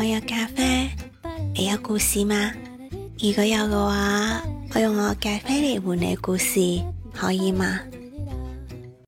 我有咖啡，你有故事嗎？如果有嘅話，我用我的咖啡嚟換你故事，可以嗎？